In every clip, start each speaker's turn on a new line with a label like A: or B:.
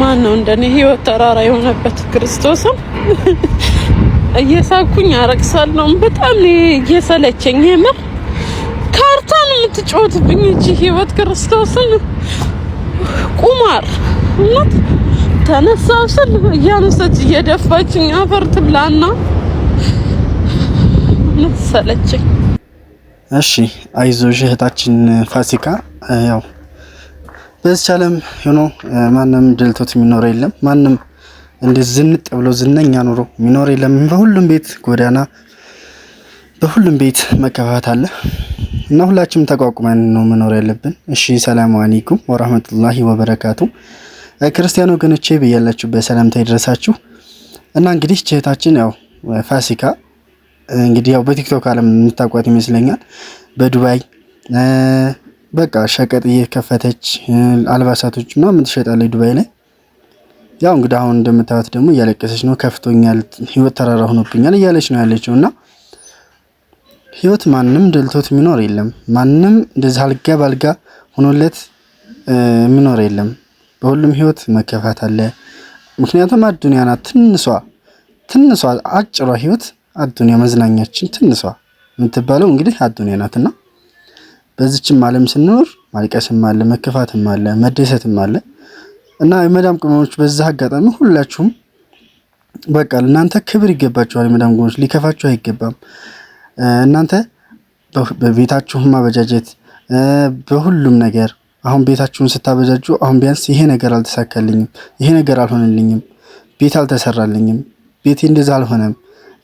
A: ማን ነው እንደኔ ህይወት ተራራ የሆነበት? ክርስቶስም እየሳኩኝ አረቅሳለሁ። በጣም ነው እየሰለቸኝ የምር ካርታን የምትጫወትብኝ እቺ ህይወት ክርስቶስን ቁማር እውነት ተነሳው ስል እያነሰች እየደፋችኝ አፈር ትብላና ሰለችኝ።
B: እሺ አይዞሽ እህታችን ፋሲካ ያው በዚች ዓለም ሆኖ ማንም ደልቶት የሚኖር የለም። ማንም እንደ ዝንጥ ብሎ ዝነኛ ኑሮ የሚኖር የለም። በሁሉም ቤት ጎዳና፣ በሁሉም ቤት መከፋት አለ እና ሁላችንም ተቋቁመን ነው መኖር ያለብን። እሺ ሰላም አለይኩም ወራህመቱላሂ ወበረካቱ። ክርስቲያን ወገኖቼ ብያላችሁ በሰላምታ ይድረሳችሁ። እና እንግዲህ እህታችን ያው ፋሲካ እንግዲህ ያው በቲክቶክ ዓለም የምታውቋት ይመስለኛል በዱባይ በቃ ሸቀጥ እየከፈተች አልባሳቶች ምናምን ትሸጣለች ዱባይ ላይ። ያው እንግዲህ አሁን እንደምታዩት ደግሞ እያለቀሰች ነው። ከፍቶኛል፣ ህይወት ተራራ ሆኖብኛል እያለች ነው ያለችው እና ህይወት ማንም ደልቶት የሚኖር የለም። ማንም እንደዚህ አልጋ ባልጋ ሆኖለት የሚኖር የለም። በሁሉም ህይወት መከፋት አለ። ምክንያቱም አዱኒያ ናት ትንሷ ትንሷ አጭሯ ህይወት አዱኒያ መዝናኛችን ትንሷ የምትባለው እንግዲህ አዱኒያ ናትና በዚችም ዓለም ስንኖር ማልቀስም አለ፣ መከፋትም አለ፣ መደሰትም አለ እና የመዳም ቅመሞች በዛ አጋጣሚ ሁላችሁም በቃ እናንተ ክብር ይገባችኋል። የመዳም ቅመሞች ሊከፋችሁ አይገባም። እናንተ በቤታችሁ ማበጃጀት በሁሉም ነገር አሁን ቤታችሁን ስታበጃጁ አሁን ቢያንስ ይሄ ነገር አልተሳካልኝም፣ ይሄ ነገር አልሆነልኝም፣ ቤት አልተሰራልኝም፣ ቤቴ እንደዛ አልሆነም፣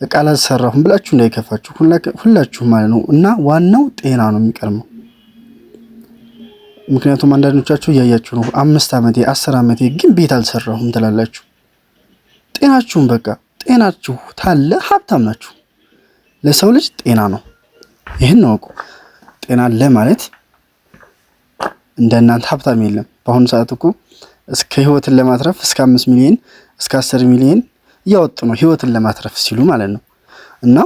B: እቃ አላልሰራሁም ብላችሁ እንዳይከፋችሁ ሁላችሁ ማለት ነው። እና ዋናው ጤና ነው የሚቀርመው ምክንያቱም አንዳንዶቻችሁ እያያችሁ ነው። አምስት ዓመቴ አስር ዓመቴ ግን ቤት አልሰራሁም ትላላችሁ። ጤናችሁን በቃ ጤናችሁ ታለ ሀብታም ናችሁ። ለሰው ልጅ ጤና ነው። ይህን አውቁ። ጤና አለ ማለት እንደ እናንተ ሀብታም የለም። በአሁኑ ሰዓት እኮ እስከ ህይወትን ለማትረፍ እስከ አምስት ሚሊዮን እስከ አስር ሚሊዮን እያወጡ ነው ህይወትን ለማትረፍ ሲሉ ማለት ነው። እና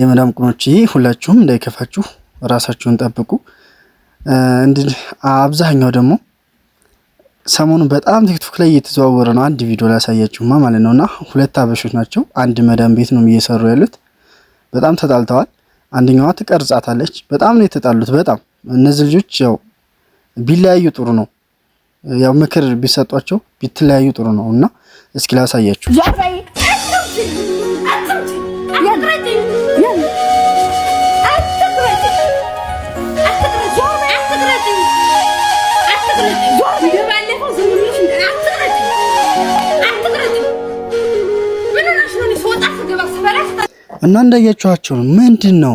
B: የመዳም ቁኖች ሁላችሁም እንዳይከፋችሁ ራሳችሁን ጠብቁ። እንድን አብዛኛው ደግሞ ሰሞኑን በጣም ቲክቶክ ላይ እየተዘዋወረ ነው። አንድ ቪዲዮ ላሳያችሁማ ማለት ነው። እና ሁለት አበሾች ናቸው። አንድ መዳም ቤት ነው እየሰሩ ያሉት። በጣም ተጣልተዋል። አንደኛዋ ትቀርጻታለች። በጣም ነው የተጣሉት። በጣም እነዚህ ልጆች ያው ቢለያዩ ጥሩ ነው። ያው ምክር ቢሰጧቸው ቢትለያዩ ጥሩ ነው እና እስኪ ላሳያችሁ እና እንዳያችኋቸው ነው። ምንድን ነው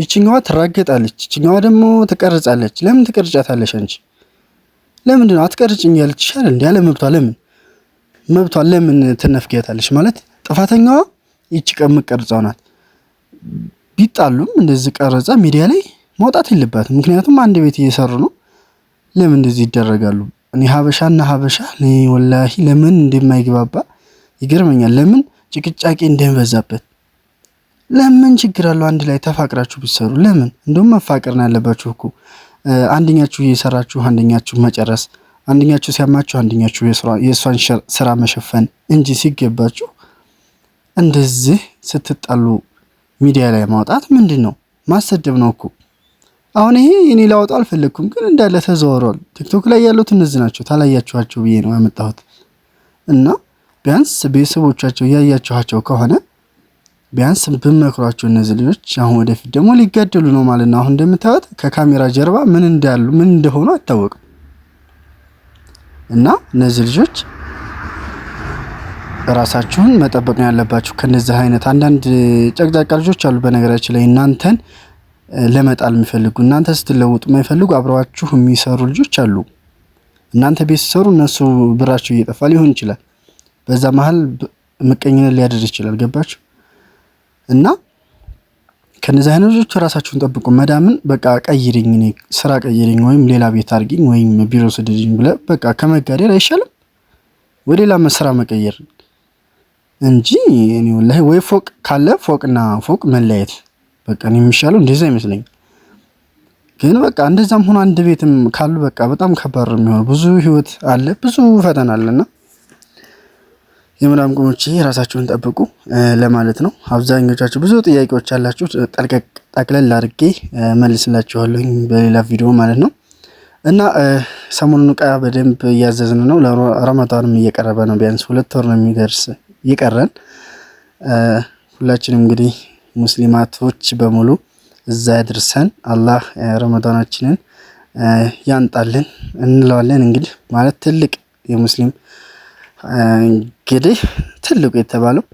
B: ይችኛዋ ትራገጣለች፣ ይችኛዋ ደግሞ ትቀርጻለች። ለምን ትቀርጫታለሽ አንቺ? ለምንድን ነው አትቀርጭኝ ያለች ይሻል እንዲ ያለ መብቷ ለምን መብቷ ለምን ትነፍጊያታለሽ? ማለት ጥፋተኛዋ ይቺ የምትቀርጸው ናት። ቢጣሉም እንደዚህ ቀረጻ ሚዲያ ላይ ማውጣት የለባትም። ምክንያቱም አንድ ቤት እየሰሩ ነው። ለምን እንደዚህ ይደረጋሉ? እኔ ሀበሻና ሀበሻ ወላሂ ለምን እንደማይግባባ ይገርመኛል። ለምን ጭቅጫቄ እንደበዛበት ለምን ችግር አለው? አንድ ላይ ተፋቅራችሁ ብትሰሩ ለምን? እንደውም መፋቀር ነው ያለባችሁ እኮ አንደኛችሁ እየሰራችሁ አንደኛችሁ መጨረስ፣ አንደኛችሁ ሲያማችሁ አንደኛችሁ የእሷን ስራ መሸፈን እንጂ ሲገባችሁ እንደዚህ ስትጣሉ ሚዲያ ላይ ማውጣት ምንድን ነው? ማሰደብ ነው እኮ። አሁን ይሄ እኔ ላወጣው አልፈለግኩም፣ ግን እንዳለ ተዘዋውሯል። ቲክቶክ ላይ ያሉት እነዚህ ናቸው። ታላያችኋቸው ብዬ ነው ያመጣሁት እና ቢያንስ ቤተሰቦቻቸው እያያችኋቸው ከሆነ ቢያንስ ብመክሯቸው እነዚህ ልጆች አሁን ወደፊት ደግሞ ሊጋደሉ ነው ማለት ነው። አሁን እንደምታዩት ከካሜራ ጀርባ ምን እንዳሉ ምን እንደሆኑ አይታወቅም። እና እነዚህ ልጆች ራሳችሁን መጠበቅ ነው ያለባችሁ ከነዚህ አይነት አንዳንድ ጨቅጫቃ ልጆች አሉ። በነገራችን ላይ እናንተን ለመጣል የሚፈልጉ እናንተ ስትለውጡ የማይፈልጉ አብረዋችሁ የሚሰሩ ልጆች አሉ። እናንተ ቤት ሲሰሩ እነሱ ብራቸው እየጠፋ ሊሆን ይችላል። በዛ መሀል ምቀኝነት ሊያደር ይችላል። ገባችሁ? እና ከነዚህ አይነቶች ራሳችሁን ጠብቁ። መዳምን በቃ ቀይርኝ፣ ስራ ቀይሪኝ፣ ወይም ሌላ ቤት አድርጊኝ፣ ወይም ቢሮ ስድድኝ ብለ በቃ ከመጋደል አይሻልም? ወደ ሌላ መስራ መቀየር እንጂ ላይ ወይ ፎቅ ካለ ፎቅና ፎቅ መለያየት በቃ የሚሻለው እንደዚ አይመስለኝ ግን በቃ እንደዛም ሆኖ አንድ ቤትም ካሉ በቃ በጣም ከባድ የሚሆነው ብዙ ህይወት አለ፣ ብዙ ፈተና አለና የምናም ቅሞቼ ራሳችሁን ጠብቁ ለማለት ነው። አብዛኞቻችሁ ብዙ ጥያቄዎች አላችሁ ጠልቀቅ ጠቅለል አድርጌ መልስላችኋለሁኝ በሌላ ቪዲዮ ማለት ነው። እና ሰሞኑን እቃ በደንብ እያዘዝን ነው። ለረመዳንም እየቀረበ ነው። ቢያንስ ሁለት ወር ነው የሚደርስ ይቀረን። ሁላችንም እንግዲህ ሙስሊማቶች በሙሉ እዛ ያድርሰን። አላህ ረመዳናችንን ያንጣልን እንለዋለን። እንግዲህ ማለት ትልቅ የሙስሊም እንግዲህ ትልቁ የተባለው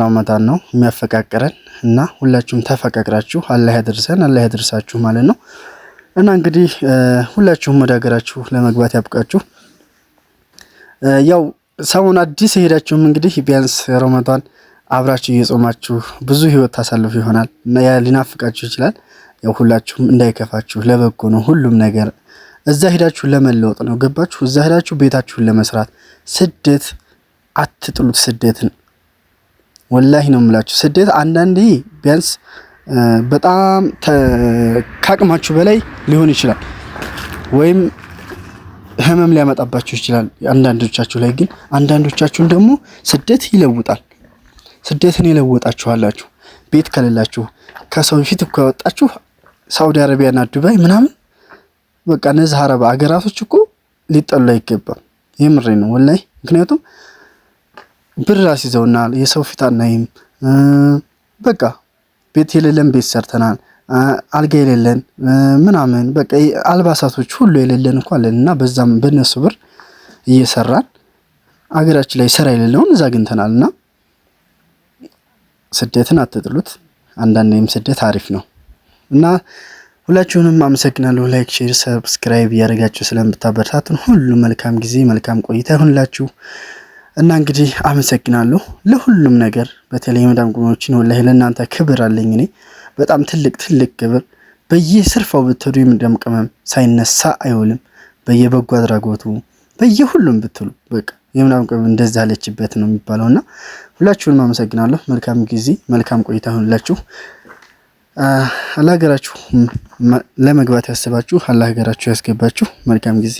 B: ረመዳን ነው የሚያፈቃቅረን እና ሁላችሁም ተፈቃቅራችሁ አላህ ያደርሰን አላህ ያደርሳችሁ ማለት ነው። እና እንግዲህ ሁላችሁም ወደ ሀገራችሁ ለመግባት ያብቃችሁ። ያው ሰሞን አዲስ የሄዳችሁም እንግዲህ ቢያንስ ረመዳን አብራችሁ እየጾማችሁ ብዙ ህይወት ታሳልፉ ይሆናል። ሊናፍቃችሁ ይችላል። ያው ሁላችሁም እንዳይከፋችሁ ለበጎ ነው ሁሉም ነገር እዛ ሄዳችሁ ለመለወጥ ነው። ገባችሁ? እዛ ሄዳችሁ ቤታችሁን ለመስራት። ስደት አትጥሉት። ስደትን ወላሂ ነው የምላችሁ። ስደት አንዳንዴ ቢያንስ በጣም ካቅማችሁ በላይ ሊሆን ይችላል፣ ወይም ህመም ሊያመጣባችሁ ይችላል አንዳንዶቻችሁ ላይ። ግን አንዳንዶቻችሁን ደግሞ ስደት ይለውጣል። ስደትን የለወጣችኋላችሁ። ቤት ከሌላችሁ ከሰው ፊት እኮ ያወጣችሁ ሳውዲ አረቢያና ዱባይ ምናምን በቃ እነዚህ አረብ ሀገራቶች እኮ ሊጠሉ አይገባም። የምሬ ነው ወላይ። ምክንያቱም ብር ይዘውናል፣ የሰው ፊት አናይም። በቃ ቤት የሌለን ቤት ሰርተናል። አልጋ የሌለን ምናምን በቃ አልባሳቶች ሁሉ የሌለን እኮ አለን እና በዛም በነሱ ብር እየሰራን አገራችን ላይ ስራ የሌለውን እዛ አግኝተናል። እና ስደትን አትጥሉት። አንዳንዴም ስደት አሪፍ ነው እና ሁላችሁንም አመሰግናለሁ። ላይክ፣ ሼር፣ ሰብስክራይብ እያደረጋችሁ ስለምታበረታቱን ሁሉ መልካም ጊዜ መልካም ቆይታ ይሁንላችሁ እና እንግዲህ አመሰግናለሁ ለሁሉም ነገር። በተለይ መዳም ቅመሞችን ወላሂ ለእናንተ ክብር አለኝ እኔ በጣም ትልቅ ትልቅ ክብር። በየስርፋው ብትሉ የመዳም ቅመም ሳይነሳ አይውልም። በየበጎ አድራጎቱ በየሁሉም ብትሉ በቃ የምናም ቅመም እንደዛ አለችበት ነው የሚባለው እና ሁላችሁንም አመሰግናለሁ። መልካም ጊዜ መልካም ቆይታ ይሁንላችሁ። አላህ ሀገራችሁ ለመግባት ያስባችሁ አላህ ሀገራችሁ ያስገባችሁ። መልካም ጊዜ